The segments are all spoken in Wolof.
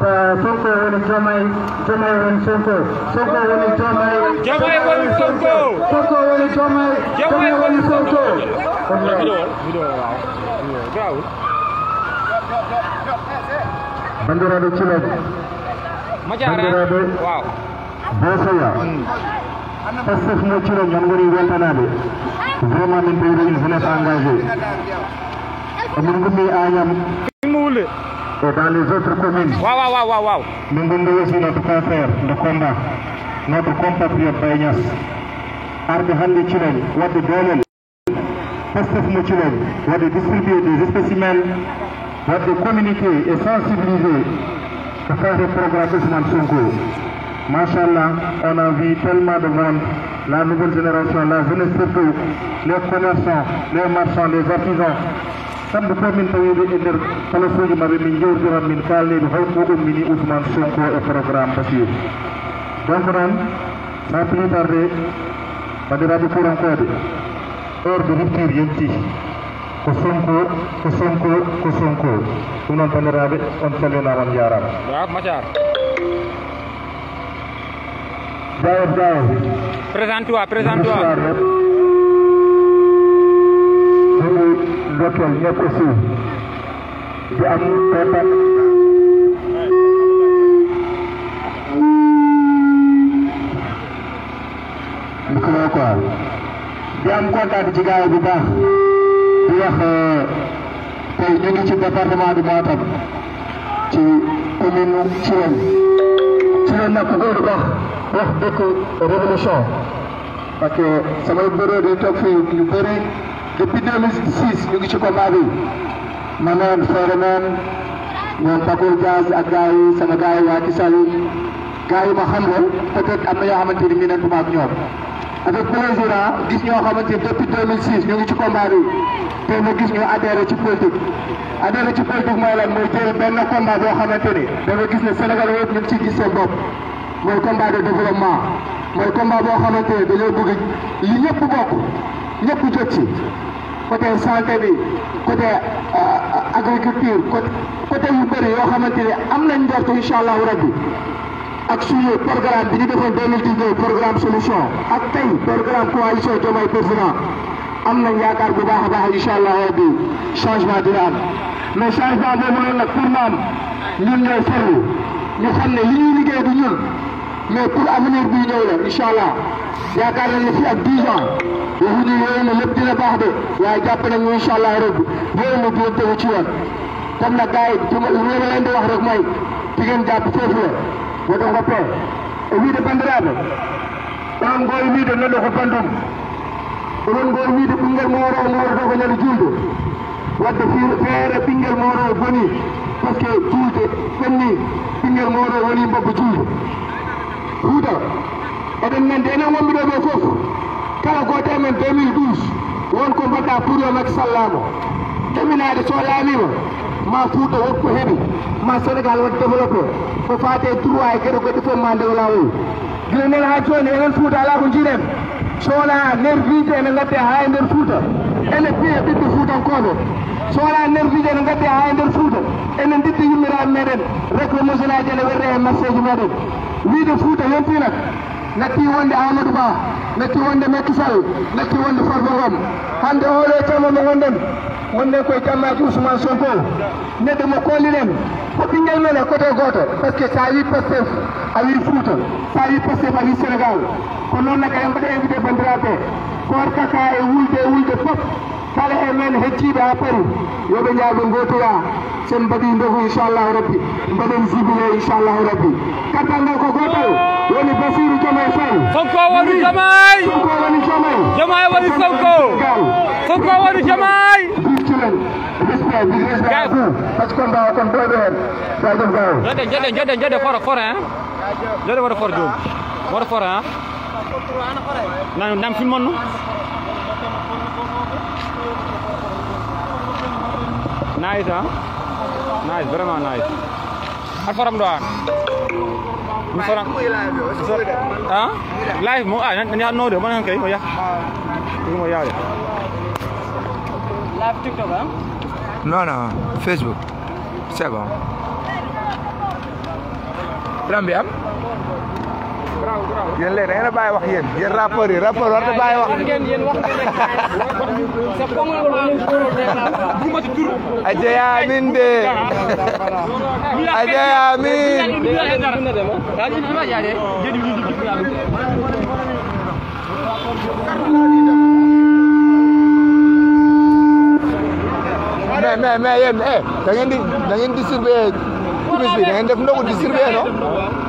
Sonko woni Diomaye Diomaye woni Sonko Sonko woni Diomaye Diomaye woni Sonko Sonko woni Diomaye Diomaye woni Sonko bandiraɓe cilok bandiraɓe bosoya pastef mo cilok man goni weltanaɓe vraiment min ɓeyɗo il volet engagé emin gummi añam et dans les autres communes. Waouh, Nous demandons aussi notre confrère de combat, notre compatriote de Arde Handi Chilen, Wadi Dolel, Pastef Mouchilen, Wadi distribuer des spécimens, Wadi communiquer et sensibiliser à faire des programmes Ousmane Sonko. Masha'Allah, on a vu tellement de monde, la nouvelle génération, la jeunesse surtout, les commerçants, les marchands, les artisans, sambo fof min tawiɓe e nder palasuji maɓe min jewtiran min kalniɓe holko ummini ousmane sonko e programme basir donc noon sans plus tarde bandiraɓe furankoɓe heure de rupture yonti ko sonko ko sonko ko sonko ɗum noon bandiraɓe on calminama on jarama macar dawa dawa présente toi présente toi virtuel ñëpp aussi di am contact bu ko quoi di am contact ci gars yi bu baax di wax euh, tey ñu ngi ci département de Matam ci commune Thiel Thiel nag góor gox wax dëkk révolution parce que samay bëroo di toog fii ñu bëri depuis 2006 ñu ngi ci combat bi ma neen feere neen ñoom Bakour Diaz ak gars yi sama gars yi waa Kisal gars yi ma xam la peut-être am na ñoo xamante ni ñu nekkuma ak ñoom. avec plaisir gis ñoo xamante ni depuis 2006 ñu ngi ci combat bi te ma gis ñu adhéré ci politique adhéré ci politique mooy lan mooy jël benn combat boo xamante ni da nga gis ne Sénégal yëpp ñu ngi ciy gis seen bopp mooy combat de développement mooy combat boo xamante ni dañoo bëgg li ñëpp bokk côté santé bi côté euh, agriculture côté yu bëri yoo xamante ne am nañ njort incha allahu rabbi ak suñu programme bi ñu defoon 2019 programme solution ak tey programme coalition Diomaye Président am nañ yaakaar bu baax a baax incha allahu rabbi changement dina am mais changement boobu noonu nag pour moom ñun ñooy farlu ñu xam ne li ñuy liggéey du ñun. mais pour avenir bii ñëw la incha allah yaakaar nañ ne fii ak 10 ans waxuñu yooyu la lépp dina baax de waaye jàpp nañ ñu incha allah rek yooyu la dina tegu ci yoon comme nag gars yi li ma leen di wax rek mooy di ngeen jàpp foofu la wa ɗon ko pee e wiide banndiraaɓe ɗon ngoy wiide neɗɗo ko bandum onon ngoy wiide ɓinngel mooro mooroto ko ñande wadde feere ɓinngel mooro boni par que juulde fenni ɓinngel mooro woni huda eɗen nandi enen wonɓe ɗo ɓe fof kala goto men 2012 wonko mbaɗɗa pour yo makki sallamo ɗaminade so laamima ma fuuta wonko heeɓi ma sénégal waɗ développé ko fate droit e gueɗe goɗɗi fof ma ndew lawol guila nen ha joni enen fuuta ala ko jiiɗen sowona nerf vide ene gadde ha e nder fouta ene fiya e ɓiɗɗo fuutankoɓe sowona nerf vide ene gadde ha e nder fouta ene ditta yimmiraɓe meɗen réclamation aji ene werde hen marché ji meɗen wiide fouta yontinat natti wonde amadou ba natti wonde makky sall natti wonde farba ngom hande oɗo jamma mo gonɗen wonnen koye jammaki ousmane sonko neɗɗo mo kollinen ko ɓinguel men e côté goto par ce que sa wi pastef a wi fouta sa wi pastef a wi sénégal ko noon naga en mbaɗa invité bandiraɓe gorkaka e wulde wulde foof فالهمن هتي بأبل يوبن جابن غوتيا سنبدين دوه إن شاء الله ربي بدين زبيه إن شاء الله ربي كتانا كو غوتو ولي بصير جمعي فان سوكو ولي جمعي سوكو ولي جمعي جمعي ولي سوكو سوكو ولي جمعي Children, respect, respect. Let's come down, come down there. Let them go. Jada, jada, jada, jada, for a for a. Jada, what a for a job. What a for a. Nam, nam, film on. Nice, hein? Nice, vraiment nice. At forum doan. Mu forum. Ha? Live mu ah ni no được mana kai moya. Ni moya dia. Live TikTok ah? Non non, Facebook. C'est bon. Prends bien. yéen leen da ngeen wax yéen yéen rappeurs yi rappeurs war na bàyyi wax. Ajaya Amin de Ajaya mais mais mais eh da ngeen di da ngeen di surveiller bi da ngeen def ndogu di surveiller non.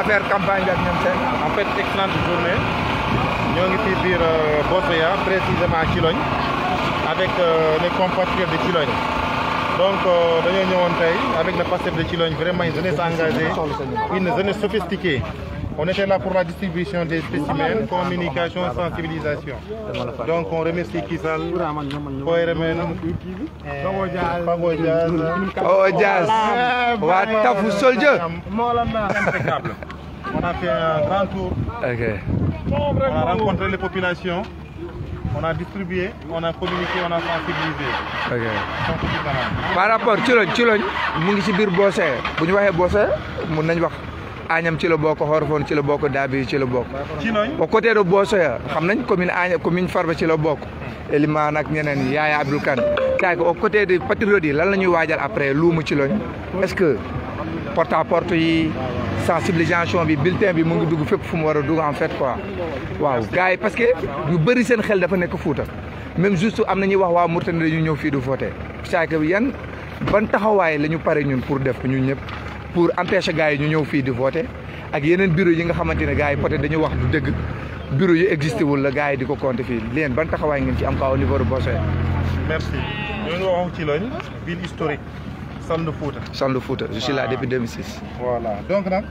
affaire campagne de en fait excellente journée Nous avons ici à précisément précisément Chilogne, avec euh, les compatriotes de Chilogne. donc nous euh, avons tey avec le Pastef de Chilogne, vraiment une zone engagée une zone sophistiquée. On était là pour la distribution des spécimens, ah, communication, sensibilisation. Donc on remercie Kisal, Koyremen, Jazz, Oh Jazz, Soldier. Impeccable. On a fait un grand tour. On a rencontré les populations. On a distribué, on a communiqué, on a sensibilisé. Par rapport, tu l'as, tu l'as, tu l'as, tu tu l'as, Agnam ci la bokk Orfone ci la bokk Dabi ci la bokk. ba côté de Bosoya xam nañ commune Agnam commune Farba ci la bokk. Elimane ak ñeneen Yaya Abdou Kane. kay ko côté de patriotes yi lan lañu wajal après luumu ci loñ est-ce que porte à porte yi sensibilisation bi bulletin bi mu ngi dugg fépp fu mu wara dugg en fait quoi. waaw gaay parce que yu bëri seen xel dafa nek Fuuta même juste am na wax wa Mourtani dañu ñëw fi du voter c'est-à-dire ban taxaway lañu paré ñun pour def ñun ñëpp pour empêcher gars yi ñu ñëw fii di voter ak yeneen bureau yi nga xamante ne gars yi peut-être dañu wax du dëgg bureau yu existé wul la gars yi di ko compter fii leen ban taxawaay ngeen ci am quoi au niveau de Bossé. merci ñooñu waxoon ci lañ ville historique. foot. Fouta. Sandou foot, je suis là depuis 2006. voilà donc nag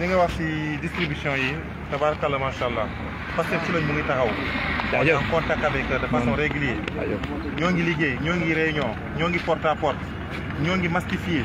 li nga wax ci distribution yi être macha allah parce que ci lañ mu ngi taxaw. jaajëf en contact avec de façon mm. régulière. nous ngi liggéey ñoo ngi réunion ñoo porte à porte ñoo ngi mastifié.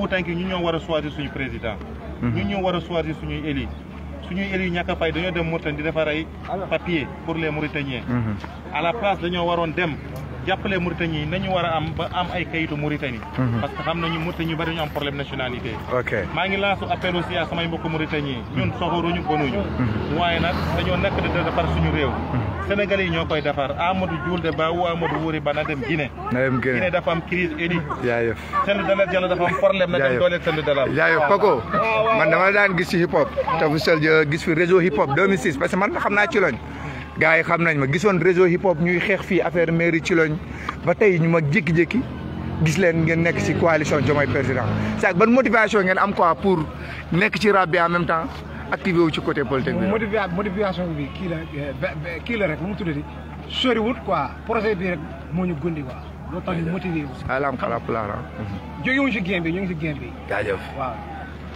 tuutànki ñu ñoo war a suñu président mhm. ñu ñoo war a choisir suñuy éli suñuy éli ñàkk a fay dañoo dem Mauritanie di defar ay papier pour les Mauritaniens mhm. à la place dañoo waroon dem jàppale Mauritanie nañu war a am ba am ay kayitu Mauritanie mhm. parce que xam nañu Mauritanie bari ñu am problème nationalité maa ngi laasu appel aussi à samay mbokk Mauritanie ñun soxoruñu bonuñu mhm. waaye nag dañoo nekk di defar suñu réew mhm. Sénégalais yi ñoo koy defar Amadou Dioulde Ba ou Amadou Wouri Ba na dem Guinée Guinée dafa am crise édi yaayëf Cellou Dalein Diallo dafa am problème na dem dooleel Cellou Dalein yaayëf Paco man dama daan gis ci hip hop te fu gis fi réseau hip hop 2006 parce que man xam naa ci loñ gars yi xam nañ ma gisoon réseau hip hop ñuy xeex fi affaire mairie ci loñ ba tey ñu ma jékki-jékki gis leen ngeen nekk si coalition Diomaye président c'est ban motivation ngeen am quoi pour nekk ci rab bi en même temps wu ci côté politique bi. motivation bi kii la eh, kii la rek nu mu tuddati soriwut quoi projet bi rek moo ñu gundi quoi. loolu tax ñu motivé wu. alhamdulilah jóge wuñ si game bi ñu ngi si game bi. jaajëf waaw.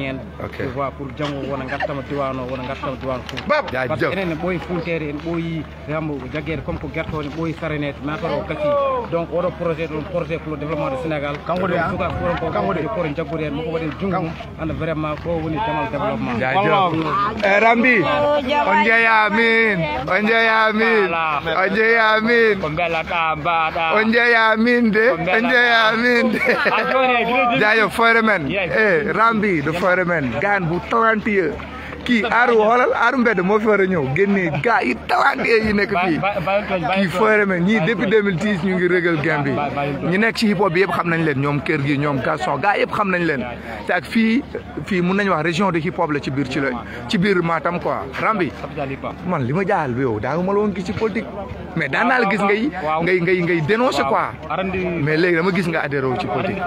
ñen okay. rambi the environment, gan bu talentueux kii aaru xoolal aaru mbedd moo fi war a ñëw génnee gaa yi tawaatee yi nekk fii kii foore me ñii depuis 2010 ñu ngi régal game bi ñu nekk ci hip hop bi yëpp xam nañ leen ñoom kër gi ñoom gaston gaa yëpp xam nañ leen te ak fii fii mun nañ wax région de hip hop la ci biir ci la ci biir Matam quoi Rambi man li ma jaal bi yow daanuma la woon gi ci politique mais daan naa la gis ngay ngay ngay ngay dénoncer quoi mais léegi dama gis nga adhéré ci politique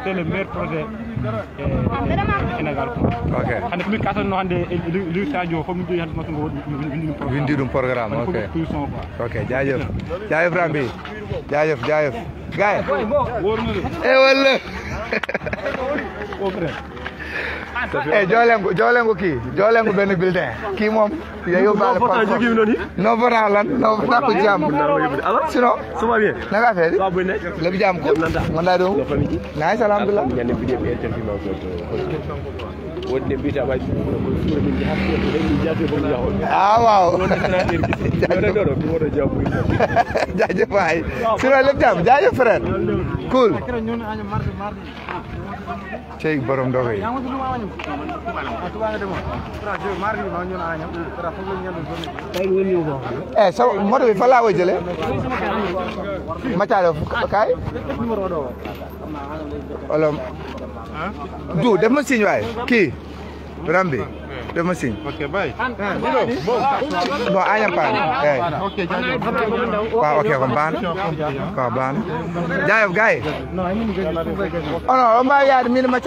c'est le meilleur projet e sénégal ok hande komin katanno hannde liw sadio fof min joyi hande masungo windi ɗum programme ok ok jajef jajef rambi jajef jajef gaye e eh, walla e joolengu joolengu kii joolengu benn bulletin kii moom ya yóbbaale par force non votant lan non votant ko jàmm sinon naka affaire yi lépp jàmm ko man daa doon naa ngi alhamdulilah wonde mbiyta waji suura min jaato a waaw ɗo mi woɗo jaw jaajëf waay sino leb jam jaajëf frère cool cey borom ndogo yi eh sa moto bi fa laa koy jëlee Mathiadio kaay olo du def ma signe waay kii de machine. Ok, bye. Bon, ayam pan. Okey. pak pa okay, kon pan. Ko ban. Jayo gay. No, I mean Ono, macam ma jaya min ma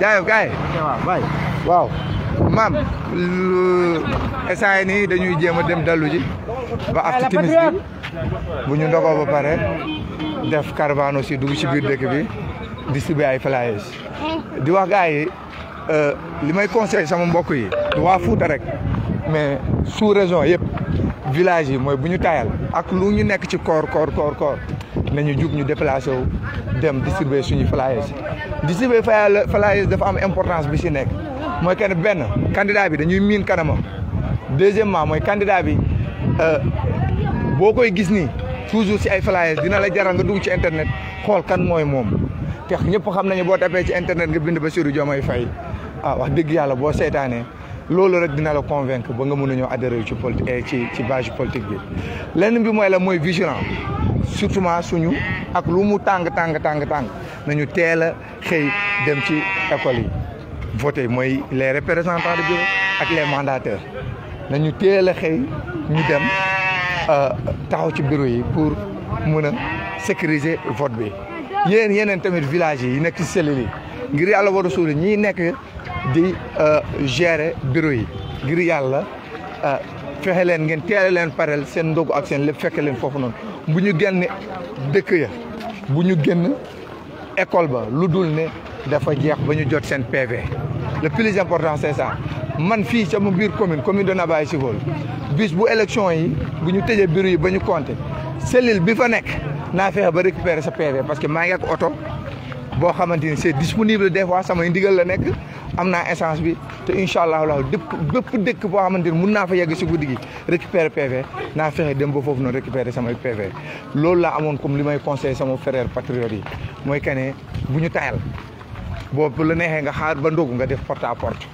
Gay min Wow. Mam, essay eh, ni dah nyuji sama dem dalu ji ba after timis bi bu ñu ndogoo ba pare def caravane aussi dugg ci bir dëkk bi distribuer ay flyers di wax gars yi euh, li may conseil sama mbokk yi du waa Fuuta rek mais sous région yëpp village yi mooy bu ñu taayal ak lu ñu nekk ci koor koor koor na ñu jub ñu déplacé wu dem distribuer suñu flyers distribuer flyers dafa am importance bi si nekk mooy kenn benn candidat bi dañuy miin kanamam deuxièmement mooy candidat bi euh, boo koy gis nii toujours si ay flyers dina la jaral nga dugg ci internet xool kan mooy moom te ñëpp xam nañu boo tapee ci internet nga bind Bassirou Diomaye Faye ah wax dëgg yàlla boo seetaanee loolu rek dina la convaincre ba nga mën a ñëw adhéré ci politique eh, ci ci base politique bi. lenn bi mooy la mooy vigilant surtout suñu ak lu mu tàng tàng tàng tàng nañu teel a xëy dem ci école yi voté mooy les représentant de bureau ak les mandataires nañu teel a xëy ñu dem euh, taxaw ci bureau yi pour mën a sécuriser vote bi. yéen yeneen tamit village yi nekk ci cellules yi ngir yàlla war a suuli ñiy nekk di euh, gérer bureau yi ngir yàlla euh, fexe leen ngeen teele leen pareel seen ndogu ak seen lépp fekke leen foofu noonu bu ñu génn dëkk ya bu ñu génn école ba lu dul ne dafa jeex ba ñu jot seen PV le plus important c'est man fii sama biir commune commune de si Civol bis bu élection yi bu ñu tejee bureau yi ba ñu compté cellule bi fa nekk naa fexe ba récupérer sa PV parce que maa ngi oto boo xamante ni c'est disponible des fois sama ndigal la nekk am naa essence bi te incha allahu lahu dëpp bépp dëkk boo xamante ni mun naa fa yegg si guddi gi récupérer PV naa fexe dem ba foofu noonu récupérer samay PV loolu laa amoon comme li may conseillé sama frère patriote yi mooy que ne bu ñu tayal boobu la neexee nga xaar ba ndogu nga def porte à porte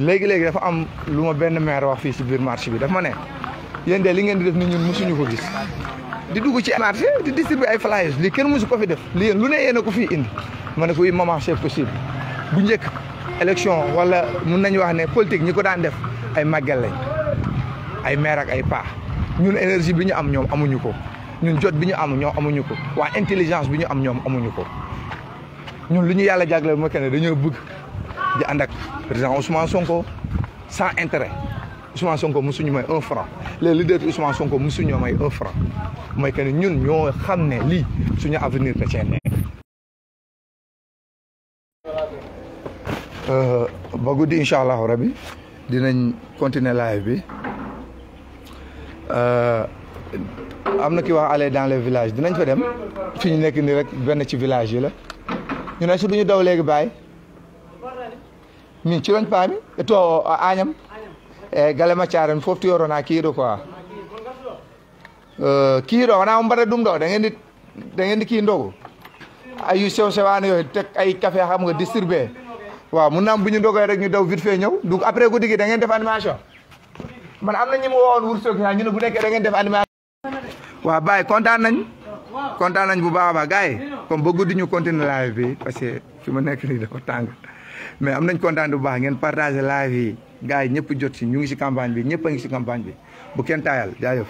léegi-léegi dafa am lu ma benn maire wax fii si biir marché bi dafa ne yéen li ngeen di def ni di dugg ci marché di distribuer ay flyers lii kenn mësu ko fi def lii yéen lu ne yéen a ko fii indi ma ne ko oui maman c'est possible bu njëkk élection wala mun nañu wax ne politique ñi ko daan def ay màggal lañ ay maire ay paa ñun énergie bi ñu am ñoom amuñu ko ñun jot bi ñu am ñoom amuñu ko waa intelligence bi ñu am ñoom amuñu ko ñun lu ñu yàlla jagleel mooy que ne dañoo bëgg di ànd ak président Ousmane Sonko sans intérêt Ousmane Sonko mosuñu may un franc les leaders Sonko mosuñu may un mooy que ne ñun ñoo xam ne lii suñu avenir da cee nekk. Euh, ba guddi incha allahu rabi dinañ continuer live bi euh, am na ki wax aller dans les village dinañ fa dem fi ñu nekk nii rek benn ci village yi la ñu ne su duñu daw léegi baay ñun ci lañ paa to aañam e eh, gale maccaren fof tiyorona kiiɗo quoi eh, kiiɗo wona o mbaɗa ɗum ɗo ɗegendi ɗegendi kiindogo ayi sew sewano yo tek ay café xam nga distribué waaw mun naam bu ñu dogoy rek ñu daw vite fait ñëw donc après guddi gi da ngeen def animation man am na ñi mu woowoon wursoog yaa ñu ne bu nekkee da ngeen def animation waa Baye kontaan nañ kontaan nañ bu baax a baax yi comme ba guddi ñu continuer bi parce que fi ma nekk nii dafa tàng mais am nañ kontaan bu baax ngeen partagé live yi gars ñëpp jot si ñu ngi si campagne bi ñëpp a ngi si campagne bi bu kenn taayal jaajëf